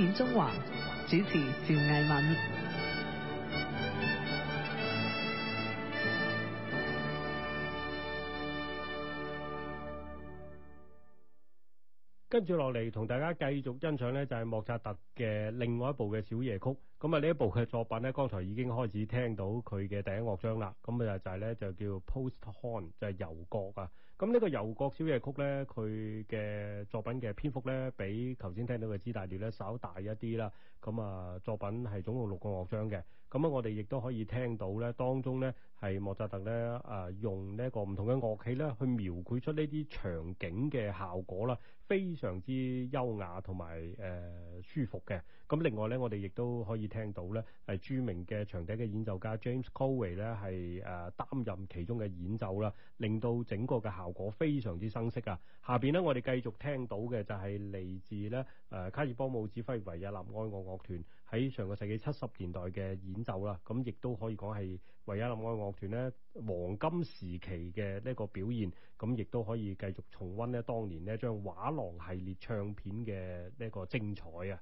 點中華主持趙藝敏，跟住落嚟同大家繼續欣賞呢就係莫扎特嘅另外一部嘅小夜曲。咁啊呢一部嘅作品呢，剛才已經開始聽到佢嘅第一樂章啦。咁啊就係呢，就叫、是、Post Horn，就係郵角啊。咁呢、這個《遊國小夜曲》呢，佢嘅作品嘅篇幅呢，比頭先聽到嘅《G 大調》呢稍大一啲啦。咁啊，作品係總共六個樂章嘅。咁啊，我哋亦都可以聽到咧，當中咧係莫扎特咧，用呢個唔同嘅樂器咧，去描繪出呢啲場景嘅效果啦，非常之優雅同埋誒舒服嘅。咁另外咧，我哋亦都可以聽到咧，係著名嘅長笛嘅演奏家 James Galway 咧，係誒擔任其中嘅演奏啦，令到整個嘅效果非常之生色啊。下面咧，我哋繼續聽到嘅就係嚟自咧卡爾波姆指揮維也納愛樂樂團，喺上個世紀七十年代嘅演奏啦，咁亦都可以講係維也納愛樂樂團呢黃金時期嘅呢個表現，咁亦都可以繼續重溫呢當年呢張畫廊系列唱片嘅呢個精彩啊。